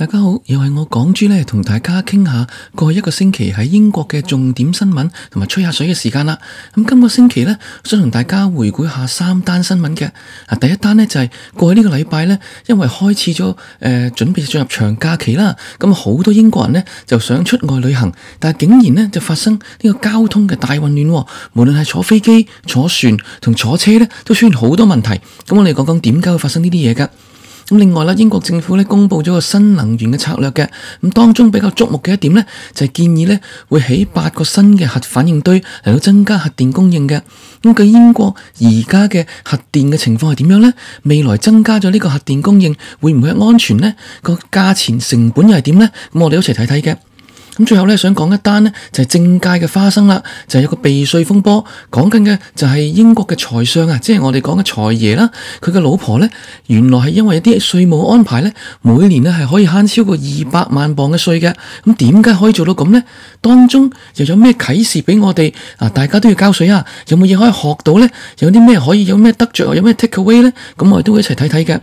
大家好，又係我港豬咧，同大家傾下過去一個星期喺英國嘅重點新聞同埋吹下水嘅時間啦。咁、嗯、今個星期咧，想同大家回顧下三單新聞嘅。啊，第一單咧就係、是、過去個呢個禮拜咧，因為開始咗誒、呃、準備進入長假期啦，咁、嗯、好多英國人咧就想出外旅行，但係竟然咧就發生呢個交通嘅大混亂、哦，無論係坐飛機、坐船同坐車咧，都出現好多問題。咁、嗯、我哋講講點解會發生呢啲嘢噶？另外，英國政府公布咗個新能源嘅策略嘅，咁當中比較矚目嘅一點呢，就係建議呢會起八個新嘅核反應堆嚟到增加核電供應嘅。咁個英國而家嘅核電嘅情況係點樣呢？未來增加咗呢個核電供應會唔會係安全呢？個價錢成本又係點呢？咁我哋一齊睇睇嘅。最後想講一單咧，就係、是、政界嘅花生啦，就係、是、有個避稅風波，講緊嘅就係英國嘅財相啊，即係我哋講嘅財爺啦，佢嘅老婆呢，原來係因為一啲稅務安排呢，每年咧係可以慳超過二百萬鎊嘅稅嘅，咁點解可以做到咁呢？當中又有咩啟示俾我哋啊？大家都要交稅啊，有冇嘢可以學到呢？有啲咩可以，有咩得着，啊？有咩 take away 呢？咁我哋都會一齊睇睇嘅。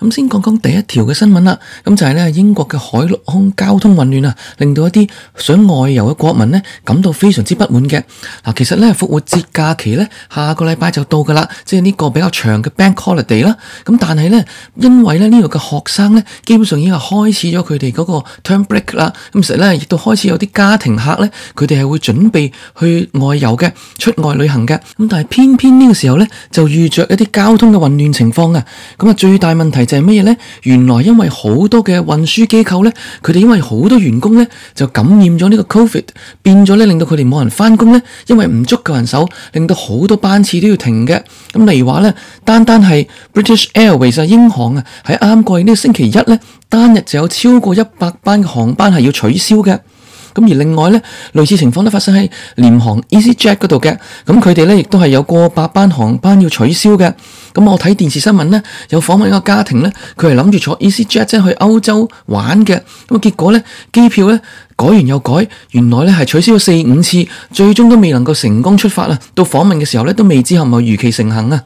咁先講講第一條嘅新聞啦，咁就係咧英國嘅海陸空交通混亂啊，令到一啲想外遊嘅國民咧感到非常之不滿嘅。嗱，其實咧復活節假期咧下個禮拜就到噶啦，即係呢個比較長嘅 Bank Holiday 啦。咁但係咧，因為咧呢度嘅、這個、學生咧基本上已經係開始咗佢哋嗰個 term break 啦，咁所以咧亦都開始有啲家庭客咧，佢哋係會準備去外遊嘅，出外旅行嘅。咁但係偏偏呢個時候咧就遇着一啲交通嘅混亂情況啊，咁啊最大問題就係就係乜嘢咧？原來因為好多嘅運輸機構咧，佢哋因為好多員工咧就感染咗呢個 Covid，變咗咧令到佢哋冇人翻工咧，因為唔足夠人手，令到好多班次都要停嘅。咁例如話咧，單單係 British Airways 啊，英航啊，喺啱啱過去呢個星期一咧，單日就有超過一百班嘅航班係要取消嘅。咁而另外咧，類似情況都發生喺廉航 EasyJet 嗰度嘅，咁佢哋咧亦都係有過百班航班要取消嘅。咁我睇電視新聞咧，有訪問一個家庭咧，佢係諗住坐 EasyJet 即係去歐洲玩嘅，咁結果咧，機票咧改完又改，原來咧係取消咗四五次，最終都未能夠成功出發啦。到訪問嘅時候咧，都未知係咪如期成行啊？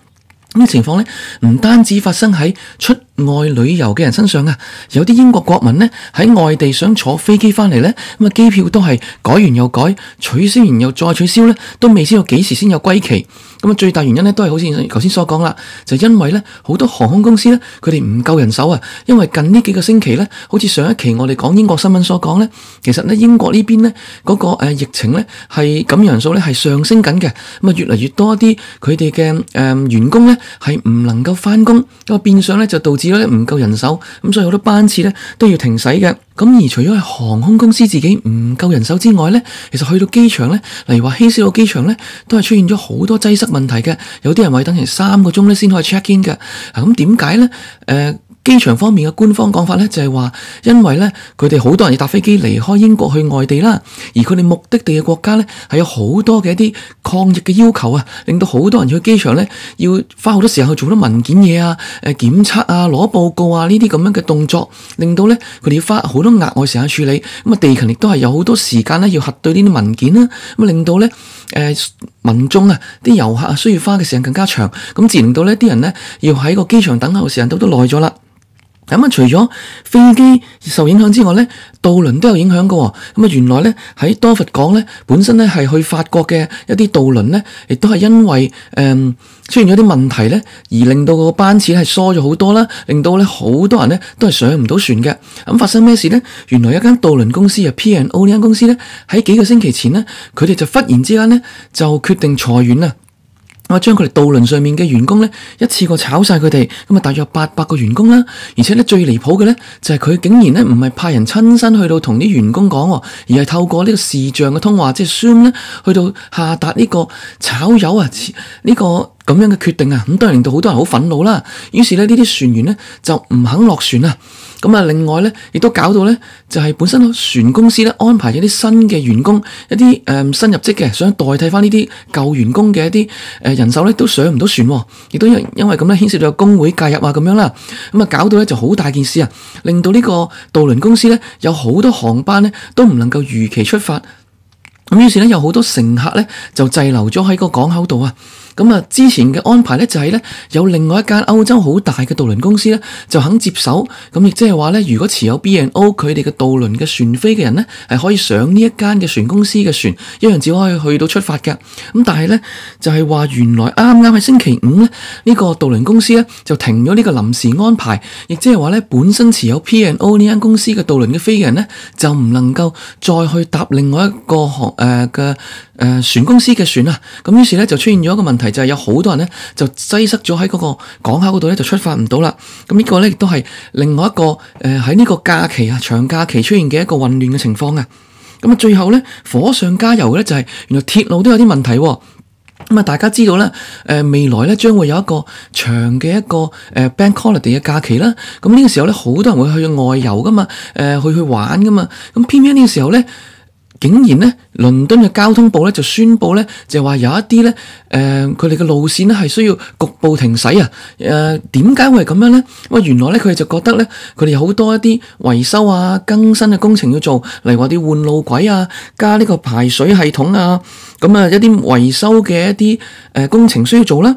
呢情況咧唔單止發生喺出愛旅遊嘅人身上啊，有啲英國國民呢喺外地想坐飛機翻嚟咧，咁啊機票都係改完又改，取消完又再取消咧，都未知道幾時先有歸期。咁啊最大原因咧都係好似頭先所講啦，就因為咧好多航空公司咧佢哋唔夠人手啊，因為近呢幾個星期咧，好似上一期我哋講英國新聞所講咧，其實咧英國呢邊咧嗰個誒疫情咧係感染人數咧係上升緊嘅，咁啊越嚟越多啲佢哋嘅誒員工咧係唔能夠翻工，咁啊變相咧就導致。唔夠人手，咁所以好多班次咧都要停駛嘅。咁而除咗係航空公司自己唔夠人手之外咧，其實去到機場咧，例如話希斯路機場咧，都係出現咗好多擠塞問題嘅。有啲人話要等成三個鐘咧先可以 check in 嘅。咁點解咧？誒。機場方面嘅官方講法咧，就係話，因為咧佢哋好多人要搭飛機離開英國去外地啦，而佢哋目的地嘅國家咧係有好多嘅一啲抗疫嘅要求啊，令到好多人去機場咧要花好多時間去做啲文件嘢啊、誒檢測啊、攞報告啊呢啲咁樣嘅動作，令到咧佢哋要花好多額外時間處理。咁啊地勤亦都係有好多時間咧要核對呢啲文件啦、啊，咁啊令到咧誒、呃、民眾啊啲遊客啊需要花嘅時間更加長，咁自然到呢啲人咧要喺個機場等候嘅時間都得耐咗啦。除咗飛機受影響之外呢，渡輪都有影響嘅。咁原來呢，喺多佛港呢，本身咧係去法國嘅一啲渡輪呢，亦都係因為誒、呃、出現咗啲問題呢，而令到個班次係疏咗好多啦，令到咧好多人呢都係上唔到船嘅。咁發生咩事呢？原來一間渡輪公司啊，P&O 呢間公司呢，喺幾個星期前呢，佢哋就忽然之間呢，就決定裁員啦。我將佢哋渡輪上面嘅員工咧，一次過炒晒佢哋，咁啊大約八百個員工啦，而且咧最離譜嘅咧，就係佢竟然咧唔係派人親身去到同啲員工講，而係透過呢個視像嘅通話，即係宣咧去到下達呢個炒魷啊呢個咁樣嘅決定啊，咁都係令到好多人好憤怒啦。於是咧呢啲船員咧就唔肯落船啊。咁啊，另外咧，亦都搞到咧，就係本身船公司咧安排咗啲新嘅員工，一啲誒、呃、新入職嘅，想代替翻呢啲舊員工嘅一啲誒人手咧，都上唔到船，亦都因因為咁咧，牽涉到工會介入啊，咁樣啦，咁啊搞到咧就好大件事啊，令到呢個渡輪公司咧有好多航班咧都唔能夠如期出發，咁於是咧有好多乘客咧就滯留咗喺個港口度啊。咁啊，之前嘅安排咧就係、是、咧，有另外一間歐洲好大嘅渡輪公司咧，就肯接手。咁亦即係話咧，如果持有 B N O 佢哋嘅渡輪嘅船飛嘅人咧，係可以上呢一間嘅船公司嘅船一樣只可以去到出發嘅。咁但係咧，就係、是、話原來啱啱喺星期五咧，呢、這個渡輪公司咧就停咗呢個臨時安排，亦即係話咧，本身持有 P N O 呢間公司嘅渡輪嘅飛嘅人咧，就唔能夠再去搭另外一個航誒嘅誒船公司嘅船啊，咁於是咧就出現咗一個問題。係就係有好多人咧就擠塞咗喺嗰個港口嗰度咧就出發唔到啦，咁呢個咧亦都係另外一個誒喺呢個假期啊長假期出現嘅一個混亂嘅情況啊，咁啊最後咧火上加油咧就係、是、原來鐵路都有啲問題、啊，咁啊大家知道咧誒、呃、未來咧將會有一個長嘅一個誒、呃、Bank Holiday 嘅假期啦，咁呢個時候咧好多人會去外遊噶嘛，誒、呃、去去玩噶嘛，咁偏偏呢個時候咧。竟然呢，倫敦嘅交通部咧就宣布咧，就話有一啲咧，誒、呃，佢哋嘅路線咧係需要局部停駛啊。誒、呃，點解會係咁樣咧？哇，原來咧佢哋就覺得咧，佢哋有好多一啲維修啊、更新嘅工程要做，例如話啲換路軌啊、加呢個排水系統啊，咁啊一啲維修嘅一啲誒工程需要做啦。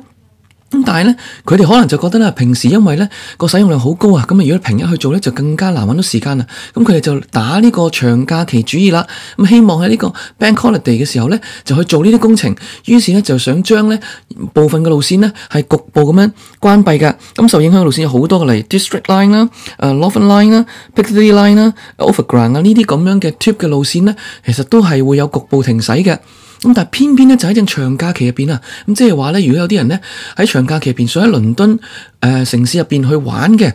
咁但係咧，佢哋可能就覺得啦，平時因為咧個使用量好高啊，咁啊如果平日去做咧就更加難揾到時間啦。咁佢哋就打呢個長假期主意啦，咁希望喺呢個 Bank Holiday 嘅時候咧就去做呢啲工程。於是咧就想將咧部分嘅路線咧係局部咁樣關閉㗎。咁、嗯、受影響嘅路線有好多，例如 District Line 啦、誒 Lofton Line 啦、Piccadilly Line 啦、Overground 啊呢啲咁樣嘅 Tube 嘅路線咧，其實都係會有局部停駛嘅。但係偏偏咧就喺正長假期入邊啊，咁即係話咧，如果有啲人咧喺長假期入邊想喺倫敦誒、呃、城市入邊去玩嘅，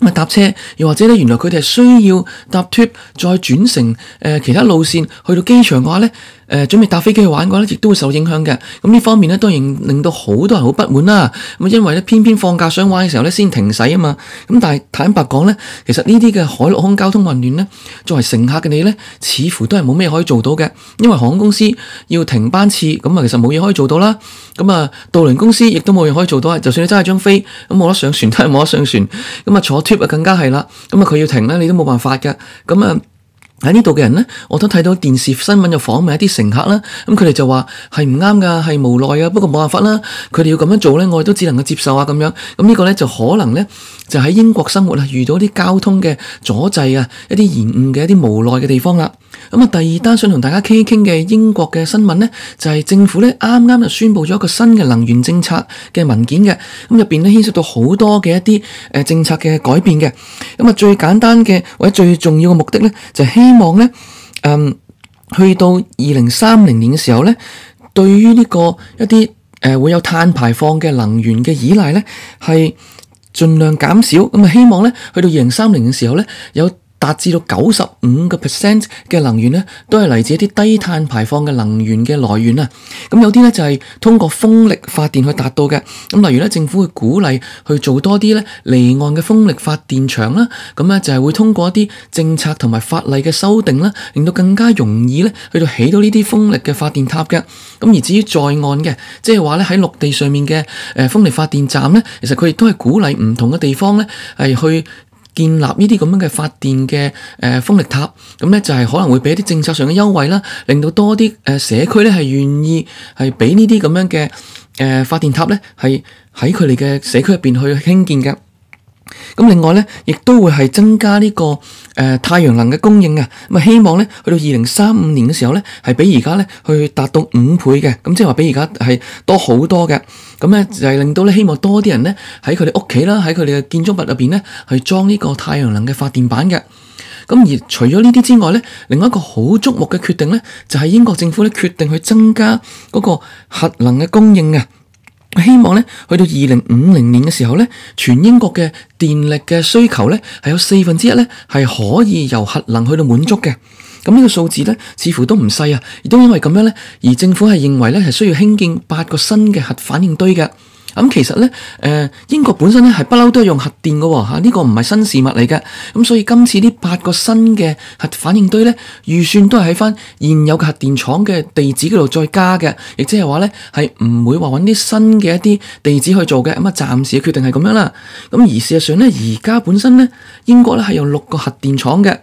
咪搭車，又或者咧原來佢哋係需要搭 trip 再轉乘誒、呃、其他路線去到機場嘅話咧。誒，準備搭飛機去玩嘅話，亦都會受影響嘅。咁呢方面呢，當然令到好多人好不滿啦。咁因為呢，偏偏放假想玩嘅時候呢，先停駛啊嘛。咁但係坦白講呢，其實呢啲嘅海陸空交通混亂呢，作為乘客嘅你呢，似乎都係冇咩可以做到嘅。因為航空公司要停班次，咁啊，其實冇嘢可以做到啦。咁啊，渡輪公司亦都冇嘢可以做到。啊。就算你揸住張飛，咁冇得上船都係冇得上船。咁啊，坐 trip 啊更加係啦。咁啊，佢要停呢，你都冇辦法嘅。咁、嗯、啊。喺呢度嘅人咧，我都睇到電視新聞有訪問一啲乘客啦，咁佢哋就話係唔啱噶，係無奈啊，不過冇辦法啦，佢哋要咁樣做咧，我哋都只能夠接受啊，咁樣咁呢個咧就可能咧就喺英國生活啦，遇到啲交通嘅阻滯啊，一啲延誤嘅一啲無奈嘅地方啦。咁啊，第二單想同大家傾傾嘅英國嘅新聞呢，就係政府呢啱啱就宣布咗一個新嘅能源政策嘅文件嘅，咁入邊呢，牽涉到好多嘅一啲誒政策嘅改變嘅。咁啊，最簡單嘅或者最重要嘅目的呢，就係希望呢，嗯，去到二零三零年嘅時候呢，對於呢個一啲誒會有碳排放嘅能源嘅依賴呢，係盡量減少。咁啊，希望呢，去到二零三零嘅時候呢。有。達至到九十五個 percent 嘅能源咧，都係嚟自一啲低碳排放嘅能源嘅來源啊！咁有啲咧就係通過風力發電去達到嘅。咁例如咧，政府會鼓勵去做多啲咧離岸嘅風力發電場啦。咁咧就係會通過一啲政策同埋法例嘅修訂啦，令到更加容易咧去到起到呢啲風力嘅發電塔嘅。咁而至於在岸嘅，即係話咧喺陸地上面嘅誒風力發電站咧，其實佢亦都係鼓勵唔同嘅地方咧係去。建立呢啲咁樣嘅發電嘅誒風力塔，咁咧就係可能會俾一啲政策上嘅優惠啦，令到多啲誒社區咧係願意係俾呢啲咁樣嘅誒發電塔咧係喺佢哋嘅社區入邊去興建嘅。咁另外咧，亦都會係增加呢、這個誒、呃、太陽能嘅供應嘅，咁啊希望咧去到二零三五年嘅時候咧，係比而家咧去達到五倍嘅，咁即係話比而家係多好多嘅，咁咧就係令到咧希望多啲人咧喺佢哋屋企啦，喺佢哋嘅建築物入邊咧去裝呢個太陽能嘅發電板嘅，咁而除咗呢啲之外咧，另外一個好觸目嘅決定咧，就係、是、英國政府咧決定去增加嗰個核能嘅供應嘅。希望咧去到二零五零年嘅時候咧，全英國嘅電力嘅需求咧係有四分之一咧係可以由核能去到滿足嘅。咁、這、呢個數字咧似乎都唔細啊，亦都因為咁樣咧，而政府係認為咧係需要興建八個新嘅核反應堆嘅。咁其實咧，誒，英國本身咧係不嬲都係用核電嘅吓，呢個唔係新事物嚟嘅。咁所以今次呢八個新嘅核反應堆咧，預算都係喺翻現有嘅核電廠嘅地址嗰度再加嘅，亦即係話咧係唔會話揾啲新嘅一啲地址去做嘅。咁啊，暫時決定係咁樣啦。咁而事實上咧，而家本身咧，英國咧係有六個核電廠嘅。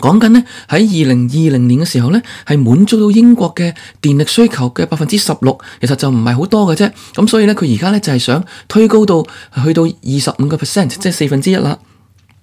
講緊呢，喺二零二零年嘅時候呢，係滿足到英國嘅電力需求嘅百分之十六，其實就唔係好多嘅啫。咁所以呢，佢而家呢，就係想推高到去到二十五個 percent，即係四分之一啦。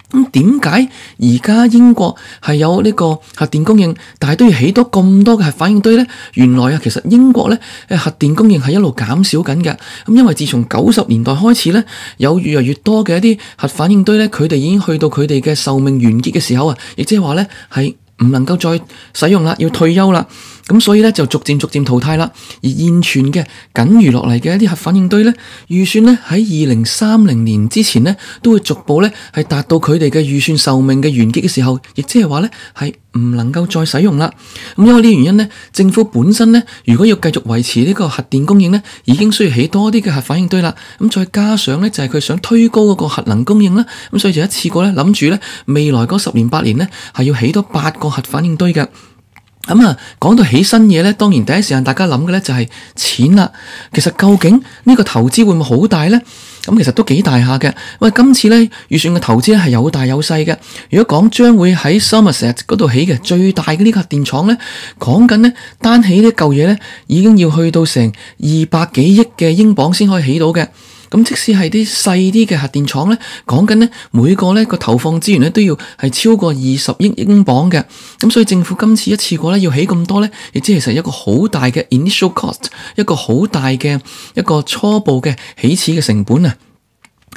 咁點解而家英國係有呢個核電供應，但係都要起多咁多嘅核反應堆呢？原來啊，其實英國咧核電供應係一路減少緊嘅。咁因為自從九十年代開始，呢有越嚟越多嘅一啲核反應堆，呢佢哋已經去到佢哋嘅壽命完結嘅時候啊，亦即係話呢係唔能夠再使用啦，要退休啦。咁所以咧就逐漸逐漸淘汰啦，而現存嘅僅餘落嚟嘅一啲核反應堆咧，預算咧喺二零三零年之前咧都會逐步咧係達到佢哋嘅預算壽命嘅完結嘅時候，亦即係話咧係唔能夠再使用啦。咁因為呢個原因咧，政府本身咧如果要繼續維持呢個核電供應咧，已經需要起多啲嘅核反應堆啦。咁再加上咧就係、是、佢想推高嗰個核能供應啦，咁所以就一次過咧諗住咧未來嗰十年八年咧係要起多八個核反應堆嘅。咁啊，講到起新嘢咧，當然第一時間大家諗嘅咧就係錢啦。其實究竟呢個投資會唔會好大咧？咁其實都幾大下嘅。喂，今次咧預算嘅投資係有大有細嘅。如果講將會喺 Somerset 嗰度起嘅最大嘅呢架核電廠咧，講緊咧單起呢嚿嘢咧，已經要去到成二百幾億嘅英鎊先可以起到嘅。咁即使係啲細啲嘅核電廠呢，講緊呢，每個呢個投放資源呢，都要係超過二十億英鎊嘅，咁所以政府今次一次過呢要起咁多呢，亦即係實一個好大嘅 initial cost，一個好大嘅一個初步嘅起始嘅成本啊！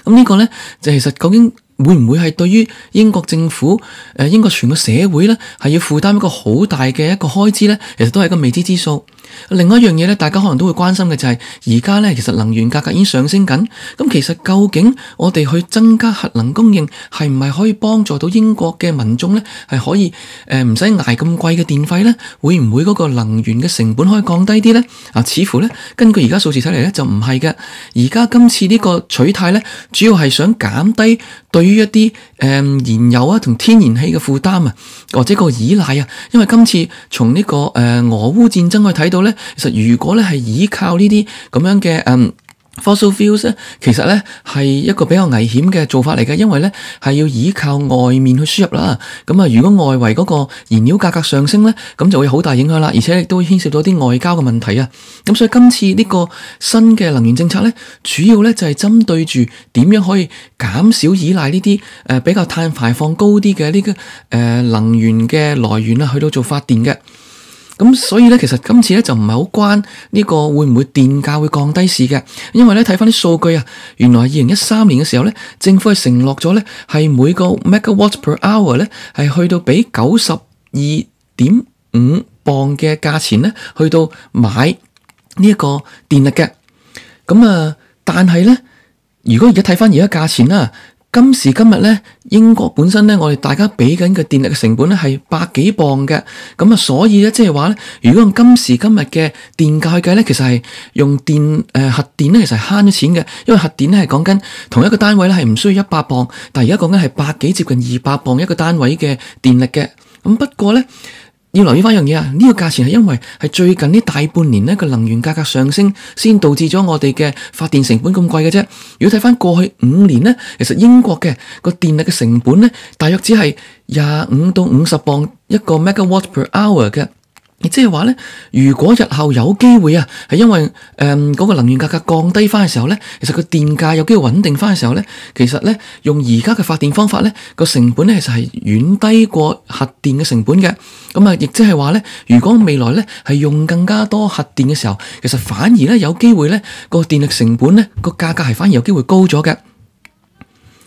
咁呢個呢，就其實究竟？會唔會係對於英國政府誒、呃，英國全個社會咧，係要負擔一個好大嘅一個開支咧？其實都係一個未知之數。另外一樣嘢咧，大家可能都會關心嘅就係、是，而家咧其實能源價格，格已經上升緊。咁、嗯、其實究竟我哋去增加核能供應係唔係可以幫助到英國嘅民眾咧？係可以誒，唔使捱咁貴嘅電費咧？會唔會嗰個能源嘅成本可以降低啲咧？啊、呃，似乎咧根據而家數字睇嚟咧就唔係嘅。而家今次呢個取態咧，主要係想減低。對於一啲燃油啊同天然氣嘅負擔啊，或者個依賴啊，因為今次從呢、這個誒、呃、俄烏戰爭去睇到咧，其實如果咧係依靠呢啲咁樣嘅嗯。呃 fossil fuels 咧，fields, 其實咧，係一個比較危險嘅做法嚟嘅，因為咧係要依靠外面去輸入啦。咁啊，如果外圍嗰個燃料價格上升咧，咁就會好大影響啦。而且亦都會牽涉到啲外交嘅問題啊。咁所以今次呢個新嘅能源政策咧，主要咧就係針對住點樣可以減少依賴呢啲誒比較碳排放高啲嘅呢個誒能源嘅來源啊，去到做發電嘅。咁所以咧，其實今次咧就唔係好關呢個會唔會電價會降低事嘅，因為咧睇翻啲數據啊，原來二零一三年嘅時候咧，政府係承諾咗咧係每個 megawatt per hour 咧係去到俾九十二點五鎊嘅價錢咧，去到買呢一個電力嘅。咁啊，但係咧如果而家睇翻而家價錢啦。今時今日呢，英國本身呢，我哋大家俾緊嘅電力嘅成本呢係百幾鎊嘅，咁啊，所以呢，即係話呢，如果用今時今日嘅電價去計呢，其實係用電誒、呃、核電呢，其實係慳咗錢嘅，因為核電呢係講緊同一個單位呢係唔需要一百鎊，但係而家講緊係百幾接近二百鎊一個單位嘅電力嘅，咁不過呢。要留意翻一樣嘢啊！呢、這個價錢係因為係最近呢大半年呢個能源價格上升，先導致咗我哋嘅發電成本咁貴嘅啫。如果睇翻過去五年呢，其實英國嘅個電力嘅成本呢，大約只係廿五到五十磅一個 megawatt per hour 嘅。亦即係話咧，如果日後有機會啊，係因為誒嗰，呃嗰個能源價格降低翻嘅時候咧，其實個電價有機會穩定翻嘅時候咧，其實咧用而家嘅發電方法咧個成本咧其實係遠低過核電嘅成本嘅。咁，嗯，啊，亦即係話咧，如果未來咧係用更加多核電嘅時候，其實反而咧有機會咧個電力成本咧個價格係反而有機會高咗嘅。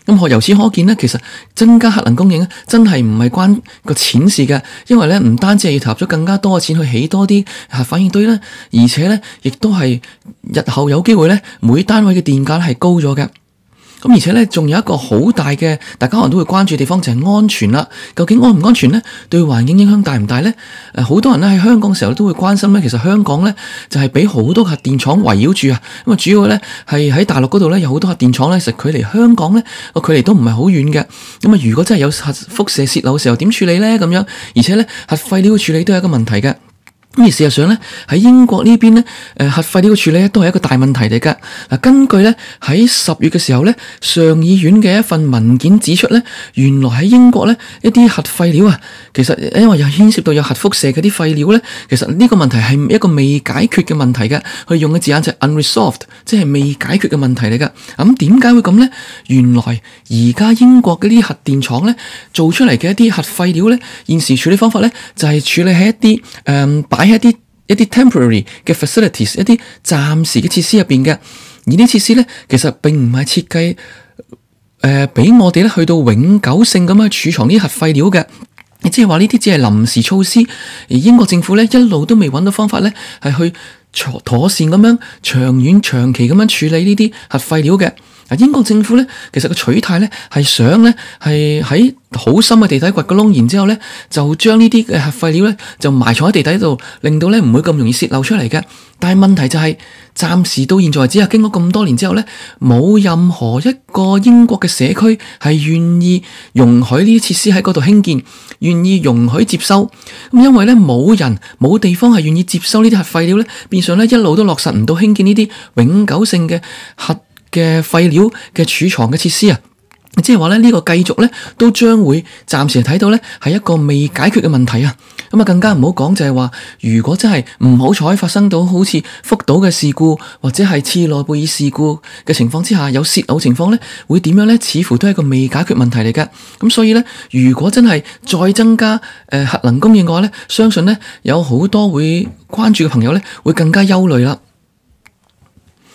咁可由此可見呢，其實增加核能供應真係唔係關個錢事嘅，因為呢唔單止係要投入咗更加多嘅錢去起多啲核反應堆啦，而且呢亦都係日後有機會呢，每單位嘅電價咧係高咗嘅。咁而且咧，仲有一個好大嘅，大家可能都會關注嘅地方就係安全啦。究竟安唔安全咧？對環境影響大唔大咧？誒，好多人咧喺香港嘅時候都會關心咧。其實香港咧就係俾好多核電廠圍繞住啊。咁啊，主要咧係喺大陸嗰度咧有好多核電廠咧，其實距離香港咧個距離都唔係好遠嘅。咁啊，如果真係有核輻射泄漏嘅時候，點處理咧？咁樣而且咧核廢料嘅處理都係一個問題嘅。咁而事實上咧，喺英國呢邊咧，誒核廢料嘅處理都係一個大問題嚟㗎。嗱，根據咧喺十月嘅時候咧，上議院嘅一份文件指出咧，原來喺英國咧一啲核廢料啊，其實因為又牽涉到有核輻射嘅啲廢料咧，其實呢個問題係一個未解決嘅問題㗎。佢用嘅字眼就係 unresolved，即係未解決嘅問題嚟㗎。咁點解會咁咧？原來而家英國嘅啲核電廠咧，做出嚟嘅一啲核廢料咧，現時處理方法咧就係處理喺一啲誒、嗯喺一啲一啲 temporary 嘅 facilities，一啲暫時嘅設施入邊嘅，而呢啲設施咧其實並唔係設計誒俾、呃、我哋咧去到永久性咁樣儲藏呢啲核廢料嘅，亦即係話呢啲只係臨時措施，而英國政府咧一路都未搵到方法咧係去妥妥善咁樣長遠長期咁樣處理呢啲核廢料嘅。英國政府咧，其實個取態咧係想咧係喺好深嘅地底掘個窿，然之後咧就將呢啲嘅核廢料咧就埋藏喺地底度，令到咧唔會咁容易洩漏出嚟嘅。但係問題就係、是，暫時到現在為止啊，經過咁多年之後咧，冇任何一個英國嘅社區係願意容許呢啲設施喺嗰度興建，願意容許接收咁，因為咧冇人冇地方係願意接收呢啲核廢料咧，變相咧一路都落實唔到興建呢啲永久性嘅核。嘅廢料嘅儲藏嘅設施啊，即係話咧呢個繼續咧都將會暫時睇到咧係一個未解決嘅問題啊，咁啊更加唔好講就係話如果真係唔好彩發生到好似福島嘅事故或者係切爾諾貝爾事故嘅情況之下有洩漏情況咧，會點樣咧？似乎都係一個未解決問題嚟嘅，咁所以咧如果真係再增加誒、呃、核能供應嘅話咧，相信咧有好多會關注嘅朋友咧會更加憂慮啦。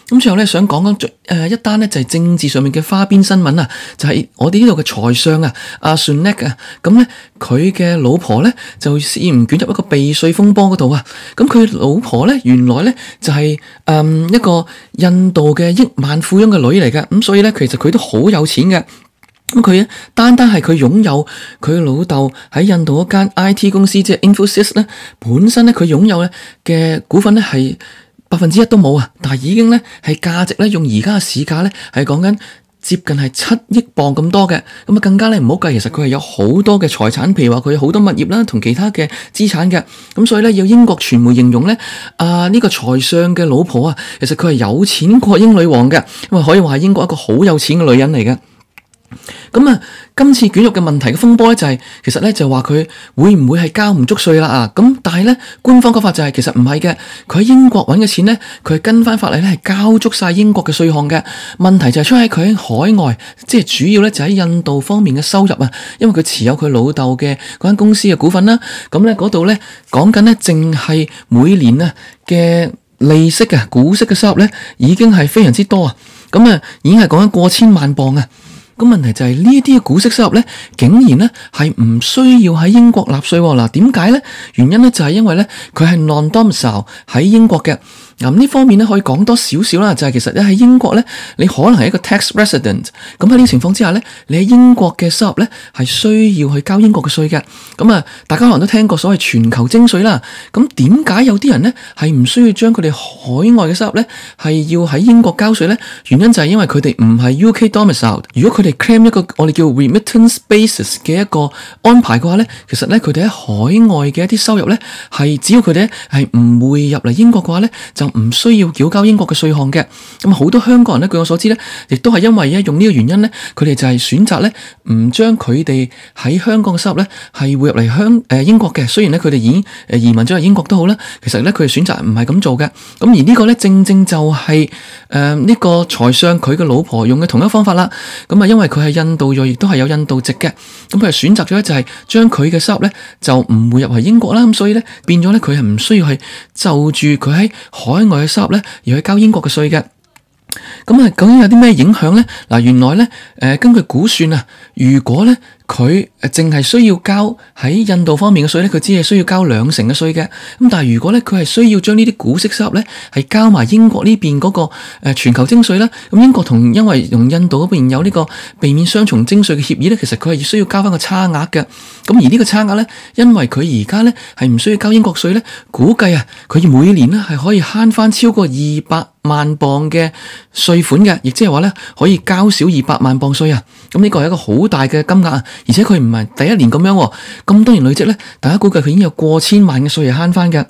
咁最後咧，想講講最、呃、一單咧，就係、是、政治上面嘅花邊新聞啊！就係、是、我哋呢度嘅財相啊，阿 Sunak 啊，咁咧佢嘅老婆咧就涉嫌捲入一個避稅風波嗰度啊！咁、嗯、佢老婆咧，原來咧就係、是、誒、嗯、一個印度嘅億萬富翁嘅女嚟嘅，咁、嗯、所以咧，其實佢都好有錢嘅。咁佢咧單單係佢擁有佢老豆喺印度嗰間 I T 公司即係 Infosys 咧，本身咧佢擁有咧嘅股份咧係。百分之一都冇啊！但係已經咧係價值咧，用而家嘅市價咧係講緊接近係七億鎊咁多嘅，咁啊更加咧唔好計，其實佢係有好多嘅財產，譬如話佢有好多物業啦，同其他嘅資產嘅，咁所以咧有英國傳媒形容咧啊，呢個財相嘅老婆啊，其實佢係有錢過英女王嘅，咁啊可以話係英國一個好有錢嘅女人嚟嘅。咁啊，今次捲入嘅問題嘅風波咧，就係、是、其實咧就話佢會唔會係交唔足稅啦啊？咁但係咧，官方講法就係、是、其實唔係嘅，佢喺英國揾嘅錢咧，佢跟返法例咧係交足晒英國嘅稅項嘅。問題就係出喺佢喺海外，即係主要咧就喺、是、印度方面嘅收入啊，因為佢持有佢老豆嘅嗰間公司嘅股份啦。咁咧嗰度咧講緊咧，淨係每年啊嘅利息啊、股息嘅收入咧，已經係非常之多啊。咁啊，已經係講緊過千萬磅啊。咁問題就係呢啲股息收入咧，竟然咧係唔需要喺英國納稅喎。嗱，點解咧？原因咧就係、是、因為咧，佢係 non-dom 喺英國嘅。咁呢方面咧可以講多少少啦，就係、是、其實你喺英國咧，你可能係一個 tax resident，咁喺呢個情況之下咧，你喺英國嘅收入咧係需要去交英國嘅稅嘅。咁啊，大家可能都聽過所謂全球徵稅啦。咁點解有啲人咧係唔需要將佢哋海外嘅收入咧係要喺英國交稅咧？原因就係因為佢哋唔係 UK domicile。如果佢哋 claim 一個我哋叫 remittance basis 嘅一個安排嘅話咧，其實咧佢哋喺海外嘅一啲收入咧係只要佢哋係唔會入嚟英國嘅話咧就，唔需要繳交英國嘅稅項嘅，咁好多香港人咧，據我所知咧，亦都係因為咧用呢個原因咧，佢哋就係選擇咧唔將佢哋喺香港嘅收入咧係匯入嚟香誒英國嘅。雖然咧佢哋已誒移民咗去英國都好啦，其實咧佢哋選擇唔係咁做嘅。咁而呢個咧正正就係誒呢個財相佢嘅老婆用嘅同一方法啦。咁啊，因為佢係印度裔，亦都係有印度籍嘅，咁佢選擇咗就係將佢嘅收入咧就唔會入嚟英國啦。咁所以咧變咗咧佢係唔需要係就住佢喺海。海外收入咧，而去交英國嘅稅嘅，咁、嗯、啊，究竟有啲咩影響咧？嗱，原來咧，誒、呃，根據估算啊，如果咧。佢誒淨係需要交喺印度方面嘅稅咧，佢只係需要交兩成嘅稅嘅。咁但係如果咧，佢係需要將呢啲股息收入咧係交埋英國呢邊嗰個全球徵稅啦。咁英國同因為同印度嗰邊有呢個避免雙重徵稅嘅協議咧，其實佢係需要交翻個差額嘅。咁而呢個差額咧，因為佢而家咧係唔需要交英國稅咧，估計啊，佢每年咧係可以慳翻超過二百萬鎊嘅稅款嘅，亦即係話咧，可以交少二百萬鎊稅啊。咁呢個係一個好大嘅金額啊！而且佢唔係第一年咁樣，咁多年累積咧，大家估計佢已經有過千萬嘅稅係慳翻嘅。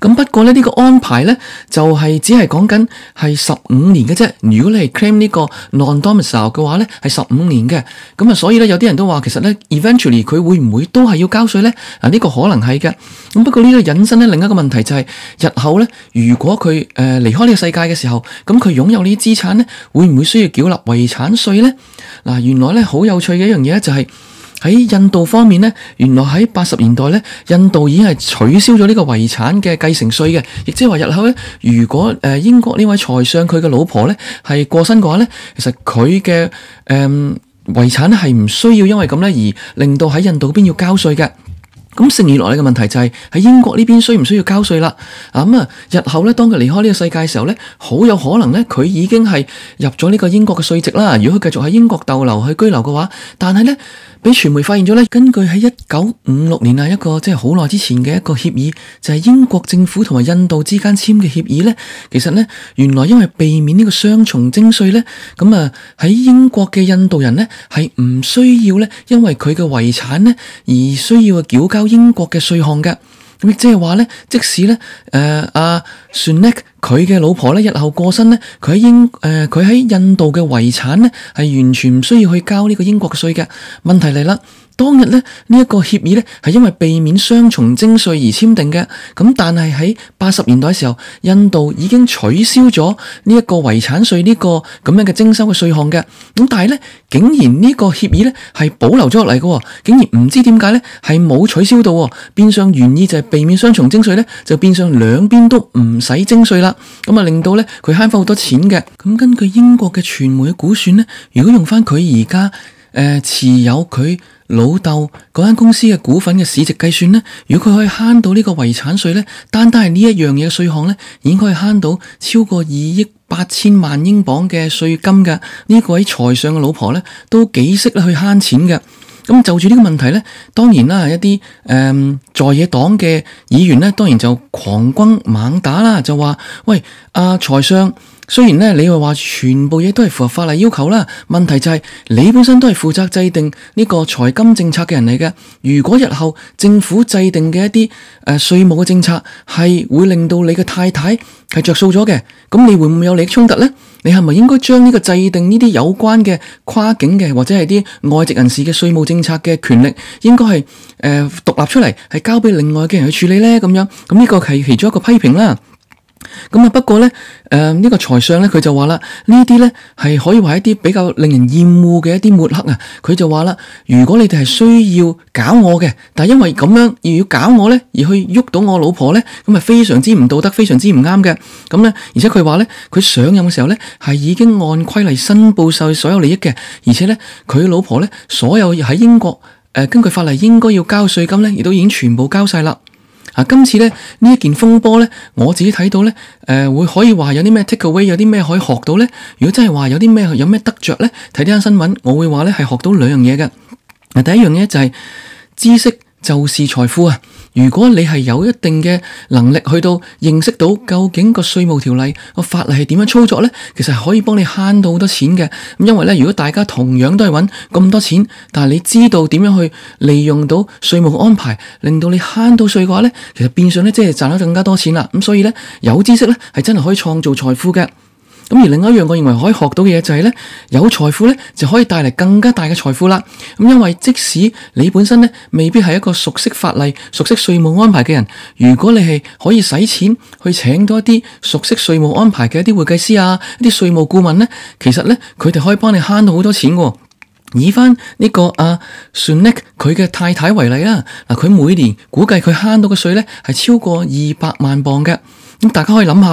咁不過呢，呢個安排呢，就係只係講緊係十五年嘅啫。如果你係 claim 呢個 non-domicile 嘅話呢係十五年嘅。咁啊，所以呢，有啲人都話，其實呢 eventually 佢會唔會都係要交稅呢？嗱，呢個可能係嘅。咁不過呢個引申呢，另一個問題就係日後呢，如果佢誒、呃、離開呢個世界嘅時候，咁佢擁有呢啲資產呢，會唔會需要繳納遺產稅呢？嗱，原來呢，好有趣嘅一樣嘢就係。喺印度方面呢，原來喺八十年代呢，印度已經係取消咗呢個遺產嘅繼承稅嘅，亦即係話日後呢，如果誒英國呢位財相佢嘅老婆呢係過身嘅話呢，其實佢嘅誒遺產係唔需要因為咁呢而令到喺印度邊要交稅嘅。咁剩餘落嚟嘅問題就係、是，喺英國呢邊需唔需要交稅啦？咁、嗯、啊，日後呢，當佢離開呢個世界嘅時候呢，好有可能呢，佢已經係入咗呢個英國嘅稅籍啦。如果佢繼續喺英國逗留去居留嘅話，但係呢。俾傳媒發現咗咧，根據喺一九五六年啊一個即係好耐之前嘅一個協議，就係英國政府同埋印度之間簽嘅協議咧，其實咧原來因為避免呢個雙重徵稅咧，咁啊喺英國嘅印度人咧係唔需要咧，因為佢嘅遺產咧而需要去繳交英國嘅稅項噶。咁亦即係話咧，即使咧，誒、呃，阿 Sunak 佢嘅老婆咧，日後過身咧，佢喺英，誒、呃，佢喺印度嘅遺產咧，係完全唔需要去交呢個英國稅嘅。問題嚟啦。當日呢，呢一個協議呢係因為避免雙重徵稅而簽訂嘅。咁但係喺八十年代嘅時候，印度已經取消咗呢一個遺產稅呢個咁樣嘅徵收嘅稅項嘅。咁但係呢，竟然呢個協議呢係保留咗落嚟嘅，竟然唔知點解呢係冇取消到，變相原意就係避免雙重徵稅呢，就變相兩邊都唔使徵稅啦。咁啊令到呢，佢慳翻好多錢嘅。咁根據英國嘅傳媒估算呢，如果用翻佢而家誒持有佢。老豆嗰間公司嘅股份嘅市值計算呢，如果佢可以慳到呢個遺產稅咧，單單係呢一樣嘢嘅稅項咧，已經可以慳到超過二億八千萬英鎊嘅稅金㗎。呢位財相嘅老婆呢都幾識得去慳錢㗎。咁就住呢個問題呢，當然啦，一啲誒、呃、在野黨嘅議員呢，當然就狂轟猛打啦，就話喂阿、啊、財相。」雖然咧，你又話全部嘢都係符合法例要求啦，問題就係你本身都係負責制定呢個財金政策嘅人嚟嘅。如果日後政府制定嘅一啲誒稅務嘅政策係會令到你嘅太太係着數咗嘅，咁你會唔會有利益衝突咧？你係咪應該將呢個制定呢啲有關嘅跨境嘅或者係啲外籍人士嘅稅務政策嘅權力，應該係誒獨立出嚟，係交俾另外嘅人去處理咧？咁樣，咁呢個係其中一個批評啦。咁啊，不過咧，誒、呃這個、呢個財相咧，佢就話啦，呢啲咧係可以話一啲比較令人厭惡嘅一啲抹黑啊。佢就話啦，如果你哋係需要搞我嘅，但係因為咁樣而要搞我咧，而去喐到我老婆咧，咁係非常之唔道德，非常之唔啱嘅。咁咧，而且佢話咧，佢上任嘅時候咧，係已經按規例申報晒所有利益嘅，而且咧，佢老婆咧，所有喺英國誒、呃、根據法例應該要交稅金咧，亦都已經全部交晒啦。啊、今次呢，呢一件風波呢，我自己睇到呢，誒、呃、會可以話有啲咩 takeaway，有啲咩可以學到呢？如果真係話有啲咩有咩得着呢，睇呢單新聞，我會話呢係學到兩樣嘢嘅，啊。第一樣嘢就係、是、知識就是財富啊！如果你係有一定嘅能力去到認識到究竟個稅務條例個法例係點樣操作咧，其實係可以幫你慳到好多錢嘅。咁因為咧，如果大家同樣都係揾咁多錢，但係你知道點樣去利用到稅務安排，令到你慳到稅嘅話咧，其實變相咧即係賺得更加多錢啦。咁所以咧，有知識咧係真係可以創造財富嘅。咁而另外一樣，我認為可以學到嘅嘢就係、是、咧，有財富咧，就可以帶嚟更加大嘅財富啦。咁因為即使你本身咧未必係一個熟悉法例、熟悉稅務安排嘅人，如果你係可以使錢去請多一啲熟悉稅務安排嘅一啲會計師啊、一啲稅務顧問咧，其實咧佢哋可以幫你慳到好多錢喎、啊。以翻呢、這個阿、啊、Sunak 佢嘅太太為例啊，嗱佢每年估計佢慳到嘅稅咧係超過二百萬鎊嘅。咁大家可以諗下，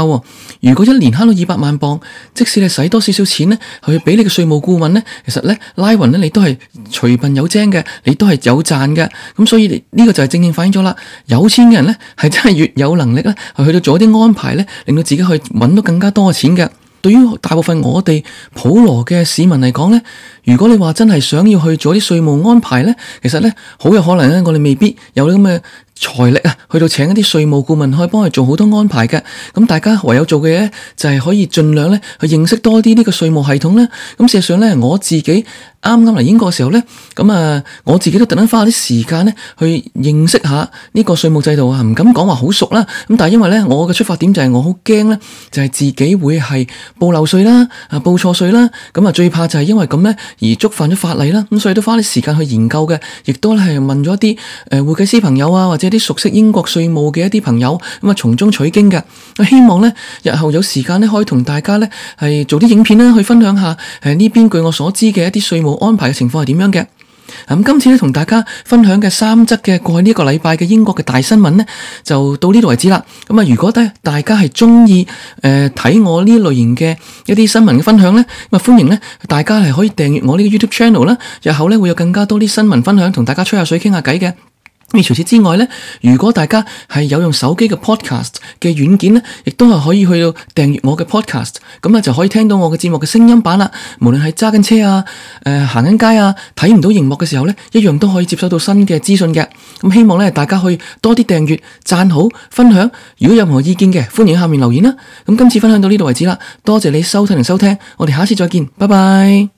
如果一年慳到二百萬鎊，即使你使多少少錢咧，去俾你嘅稅務顧問咧，其實咧拉匀咧，你都係隨份有精嘅，你都係有賺嘅。咁所以呢個就係正正反映咗啦，有錢嘅人咧係真係越有能力啦，去到做啲安排咧，令到自己去搵到更加多嘅錢嘅。對於大部分我哋普羅嘅市民嚟講咧，如果你話真係想要去做啲稅務安排咧，其實咧好有可能咧，我哋未必有啲咁嘅。財力啊，去到請一啲稅務顧問可以幫佢做好多安排嘅。咁大家唯有做嘅嘢就係可以盡量咧去認識多啲呢個稅務系統啦。咁事實上咧，我自己啱啱嚟英國嘅時候咧，咁啊，我自己都特登花啲時間咧去認識下呢個稅務制度啊。唔敢講話好熟啦。咁但係因為咧，我嘅出發點就係我好驚咧，就係自己會係報漏稅啦，啊報錯稅啦。咁啊，最怕就係因為咁咧而觸犯咗法例啦。咁所以都花啲時間去研究嘅，亦都係問咗一啲誒會計師朋友啊或者。一啲熟悉英國稅務嘅一啲朋友，咁啊從中取經嘅，希望咧日後有時間咧可以同大家咧係做啲影片啦，去分享下誒呢邊據我所知嘅一啲稅務安排嘅情況係點樣嘅。咁今次咧同大家分享嘅三則嘅過去呢個禮拜嘅英國嘅大新聞咧，就到呢度為止啦。咁啊，如果咧大家係中意誒睇我呢類型嘅一啲新聞嘅分享咧，咁啊歡迎咧大家係可以訂閱我呢個 YouTube Channel 啦。日後咧會有更加多啲新聞分享同大家吹下水傾下偈嘅。咁除此之外咧，如果大家係有用手機嘅 Podcast 嘅軟件咧，亦都係可以去到訂閱我嘅 Podcast，咁啊就可以聽到我嘅節目嘅聲音版啦。無論係揸緊車啊、呃、行緊街啊，睇唔到熒幕嘅時候咧，一樣都可以接收到新嘅資訊嘅。咁希望大家去多啲訂閱、讚好、分享。如果有任何意見嘅，歡迎喺下面留言啦。咁今次分享到呢度為止啦，多謝你收聽同收聽，我哋下次再見，拜拜。